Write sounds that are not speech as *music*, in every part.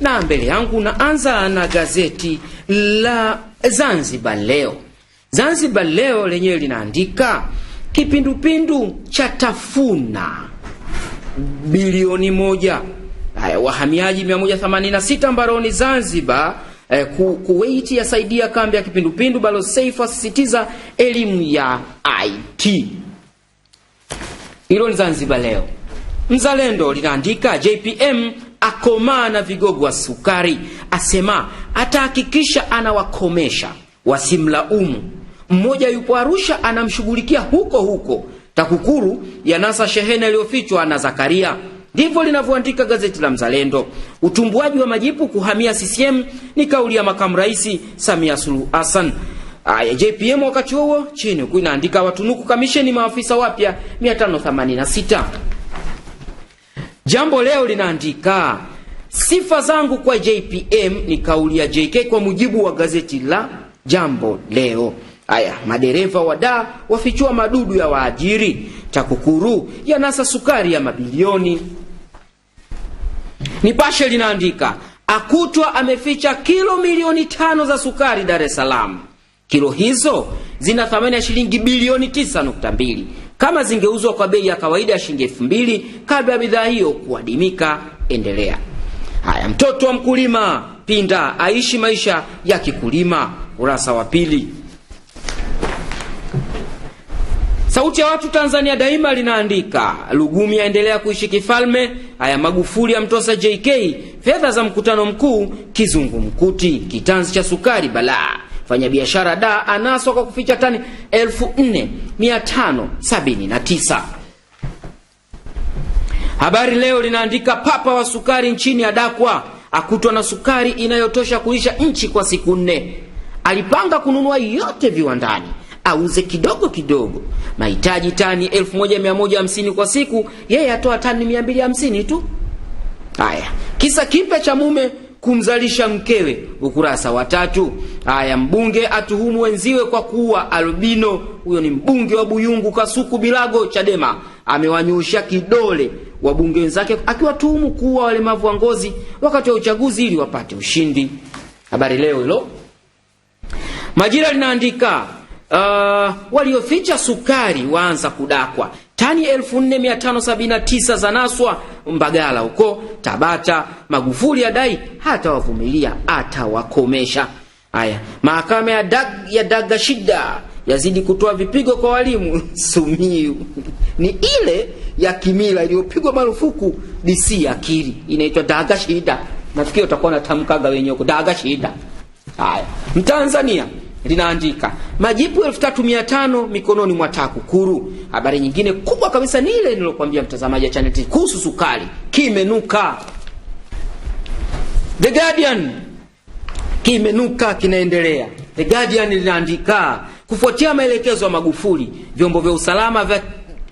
na mbele yangu naanza na gazeti la Zanzibar Leo. Zanzibar Leo lenyewe linaandika kipindupindu cha tafuna bilioni moja. Ay, wahamiaji 186 mbaroni Zanzibar. Eh, ku, Kuwait yasaidia kambi ya kipindupindu. Balo Saif asisitiza elimu ya IT. Hilo ni Zanzibar Leo. Mzalendo linaandika JPM akomaa na vigogo wa sukari, asema atahakikisha anawakomesha wasimlaumu. Mmoja yupo Arusha, anamshughulikia huko huko. TAKUKURU ya nasa shehena iliyofichwa na Zakaria. Ndivyo linavyoandika gazeti la Mzalendo. Utumbuaji wa majipu kuhamia CCM ni kauli ya makamu raisi Samia Suluhu hasan Aya, JPM wakati huo chini huku inaandika watunuku kamisheni maafisa wapya 586. Jambo Leo linaandika sifa zangu kwa JPM ni kauli ya JK kwa mujibu wa gazeti la Jambo Leo. Aya, madereva wadaa wafichua madudu ya waajiri. TAKUKURU yanasa sukari ya mabilioni. Nipashe linaandika akutwa ameficha kilo milioni tano za sukari Dar es Salaam. Kilo hizo zina thamani ya shilingi bilioni 9.2. Kama zingeuzwa kwa bei ya kawaida ya shilingi elfu mbili kabla ya bidhaa hiyo kuadimika. Endelea. Haya, mtoto wa mkulima pinda aishi maisha ya kikulima, kurasa wa pili. Sauti ya Watu Tanzania Daima linaandika Lugumi aendelea kuishi kifalme. Haya, Magufuli amtosa JK fedha za mkutano mkuu kizungumkuti. Kitanzi cha sukari balaa. Mfanyabiashara da anaswa kwa kuficha tani 4579. Habari Leo linaandika papa wa sukari nchini adakwa, akutwa na sukari inayotosha kulisha nchi kwa siku nne. Alipanga kununua yote viwandani auze kidogo kidogo, mahitaji tani 1150 kwa siku, yeye atoa tani 250 tu. Haya, kisa kipe cha mume kumzalisha mkewe, ukurasa wa tatu. aya mbunge atuhumu wenziwe kwa kuwa albino. Huyo ni mbunge wa Buyungu Kasuku Bilago, Chadema, amewanyosha kidole wabunge wenzake akiwatuhumu kuwa walemavu wa ngozi wakati wa uchaguzi ili wapate ushindi. Habari Leo hilo. Majira linaandika uh, walioficha sukari waanza kudakwa tani 4579 za Naswa Mbagala huko Tabata. Magufuli adai hatawavumilia atawakomesha. Haya, mahakama ya dag, ya shida yazidi kutoa vipigo kwa walimu *laughs* Sumiu. Ni ile ya kimila iliyopigwa marufuku DC akili, inaitwa shida Nafikiri utakuwa unatamkaga wenyewe daga shida Haya, Mtanzania linaandika majipu elfu tatu mia tano mikononi mwa TAKUKURU. Habari nyingine kubwa kabisa ni ile nilokuambia mtazamaji wa Channel kuhusu sukari, kimenuka. The Guardian kimenuka, kinaendelea. The Guardian linaandika kufuatia maelekezo ya Magufuli, vyombo vya usalama vya,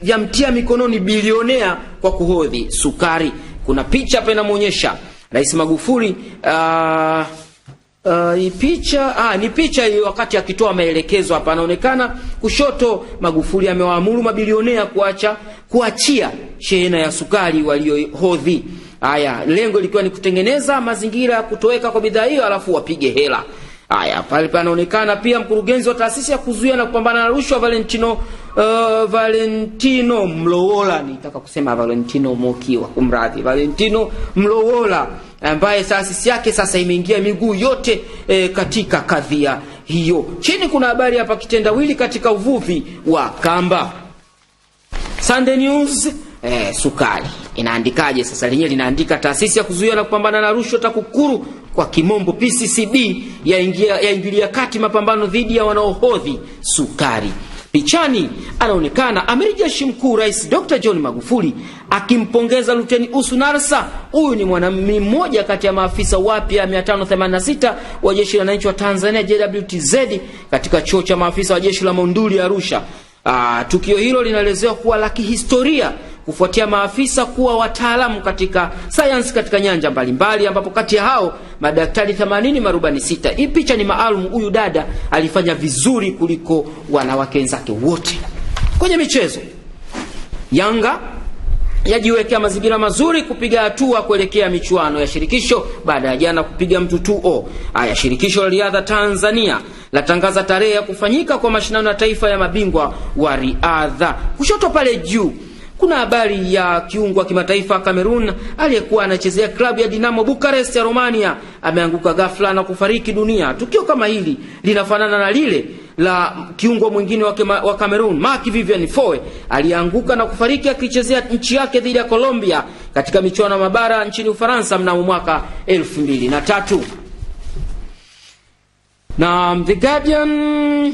vya mtia mikononi bilionea kwa kuhodhi sukari. Kuna picha hapa inamwonyesha Rais Magufuli uh, Uh, picha ah, ni picha hiyo wakati akitoa maelekezo hapa, anaonekana kushoto. Magufuli amewaamuru mabilionea kuacha kuachia shehena ya sukari waliohodhi. Haya, lengo likiwa ni kutengeneza mazingira ya kutoweka kwa bidhaa hiyo, alafu wapige hela. Haya, pale panaonekana pia mkurugenzi wa taasisi ya kuzuia na kupambana na rushwa Valentino uh, Valentino Mlowola, nitaka kusema Valentino Mokiwa, kumradhi, Valentino Mlowola ambaye taasisi yake sasa imeingia miguu yote e, katika kadhia hiyo. Chini kuna habari hapa, kitendawili katika uvuvi wa kamba. Sunday News e, sukari inaandikaje sasa? Lenyewe linaandika taasisi ya kuzuia na kupambana na rushwa TAKUKURU kwa kimombo PCCB yaingilia ya kati mapambano dhidi ya wanaohodhi sukari. Pichani anaonekana amiri jeshi mkuu Rais Dr John Magufuli akimpongeza Luteni Usunarsa. Huyu ni mwanami mmoja kati ya maafisa wapya 586 wa jeshi la wananchi wa Tanzania JWTZ katika chuo cha maafisa wa jeshi la Monduli Arusha. Aa, ah, tukio hilo linaelezewa kuwa la kihistoria kufuatia maafisa kuwa wataalamu katika sayansi katika nyanja mbalimbali, ambapo kati ya hao madaktari 80 marubani sita. Hii picha ni maalum, huyu dada alifanya vizuri kuliko wanawake wenzake wote. Kwenye michezo, Yanga yajiwekea mazingira mazuri kupiga hatua kuelekea michuano ya shirikisho baada ya jana kupiga mtu 2-0. Haya, shirikisho la riadha Tanzania latangaza tarehe ya kufanyika kwa mashindano ya taifa ya mabingwa wa riadha. Kushoto pale juu kuna habari ya kiungo wa kimataifa Cameroon aliyekuwa anachezea klabu ya Dinamo Bucharest ya Romania ameanguka ghafla na kufariki dunia. Tukio kama hili linafanana na lile la kiungo mwingine wa Cameroon Marc Vivian Foe aliyeanguka na kufariki akichezea nchi yake dhidi ya Colombia katika michuano ya mabara nchini Ufaransa mnamo mwaka tatu na um, The Guardian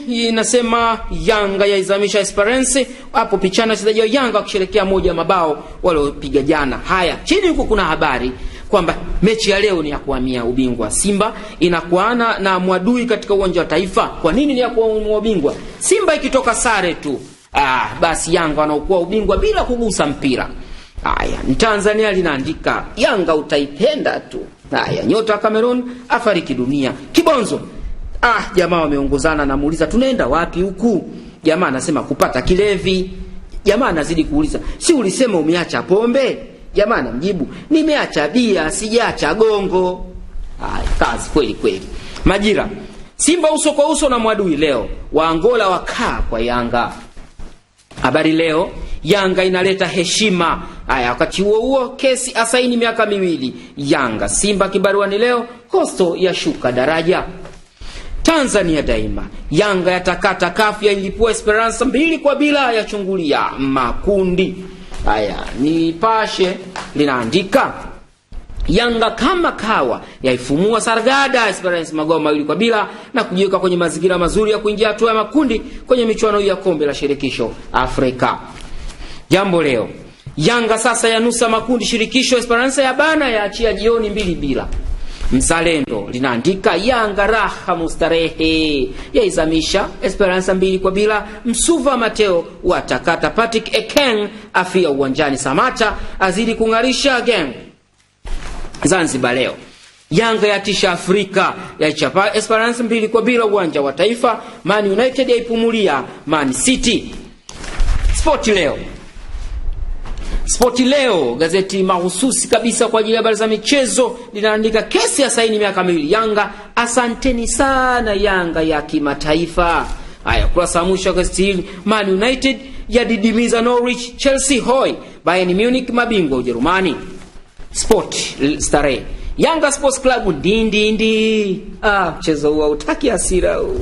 inasema Yanga yaizamisha Esperance. Hapo pichana wachezaji wa Yanga wakisherekea moja ya mabao waliopiga jana. Haya, chini huko kuna habari kwamba mechi ya leo ni ya kuhamia ubingwa. Simba inakuana na Mwadui katika uwanja wa Taifa. Kwa nini ni ya kuamua ubingwa? Simba ikitoka sare tu, ah, basi Yanga wanaokuwa ubingwa bila kugusa mpira. Haya, ni Tanzania linaandika Yanga utaipenda tu. Haya, nyota wa Cameroon afariki dunia. Kibonzo Ah, jamaa wameongozana, namuuliza tunaenda wapi huku? Jamaa anasema kupata kilevi. Jamaa anazidi kuuliza, si ulisema umeacha pombe? Jamaa anamjibu, nimeacha bia, sijaacha gongo. Haya, kazi kweli kweli. Majira, Simba uso kwa uso na mwadui leo. Waangola wakaa kwa Yanga. Habari leo, Yanga inaleta heshima. Aya, wakati huo huo kesi asaini miaka miwili. Yanga Simba kibaruani leo, Coastal yashuka daraja. Tanzania Daima, Yanga yatakata kafu yailipua Esperanza mbili kwa bila ya chunguli ya makundi haya. pashe linaandika Yanga kama kawa yaifumua Sargada Esperance magao mawili kwa bila na kujiweka kwenye mazingira mazuri ya kuingia hatua ya makundi kwenye michuano ya kombe la shirikisho Afrika. Jambo Leo, Yanga sasa yanusa makundi shirikisho, Esperance ya bana yaachia jioni mbili bila Mzalendo linaandika Yanga raha mustarehe yaizamisha Esperansa mbili kwa bila. Msuva Mateo watakata Patrick Ekeng afia uwanjani. Samata azidi kung'arisha gen Zanzibar leo Yanga yatisha Afrika yaichapa Esperance mbili kwa bila uwanja wa Taifa. Man United yaipumulia Man City. Sport leo Spoti Leo, gazeti mahususi kabisa kwa ajili ya habari za michezo, linaandika kesi ya saini miaka miwili Yanga. Asanteni sana Yanga ya kimataifa. Haya, ukurasa wa mwisho wa gazeti hili, Man United yadidimiza Norwich, Chelsea hoi, Bayern Munich mabingwa Ujerumani. Sport Starehe, Yanga Sports Club ndindindi. Ah, mchezo huo hautaki hasira huu.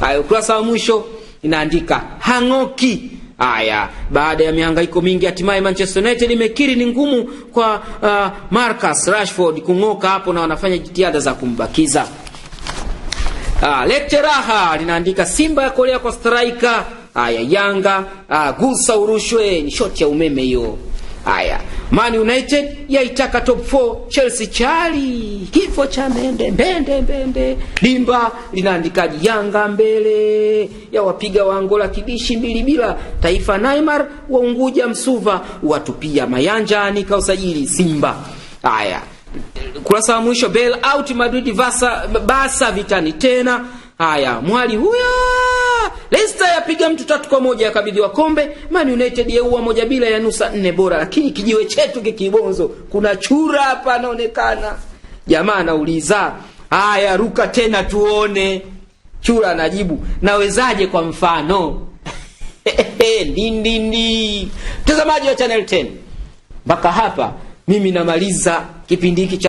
Haya, ukurasa wa mwisho inaandika Hangoki Aya, baada ya mihangaiko mingi hatimaye Manchester United imekiri ni ngumu kwa uh, Marcus Rashford kung'oka hapo na wanafanya jitihada za kumbakiza. Ah, lete raha linaandika Simba ya Korea kwa striker. Aya, Yanga ah, gusa urushwe, ni shoti ya umeme hiyo. Haya, Man United yaitaka top 4 Chelsea chali kifo cha mbende mbende mbende. Dimba linaandikaji Yanga mbele ya wapiga wa kibishi mbili bila. Taifa naimar waunguja msuva watupia mayanjani kausajili Simba. Haya, kurasa wa mwisho bel out Madrid vasa basa vitani tena. Haya, mwali huyo Leicester yapiga mtu tatu kwa moja yakabidhiwa kombe. Man United yaua moja bila ya nusa nne bora, lakini kijiwe chetu kikibonzo, kuna chura hapa anaonekana. Jamaa anauliza aya ruka tena tuone. Chura anajibu nawezaje? Kwa mfano ndindindi. *laughs* Mtazamaji wa Channel 10, mpaka hapa mimi namaliza kipindi hiki.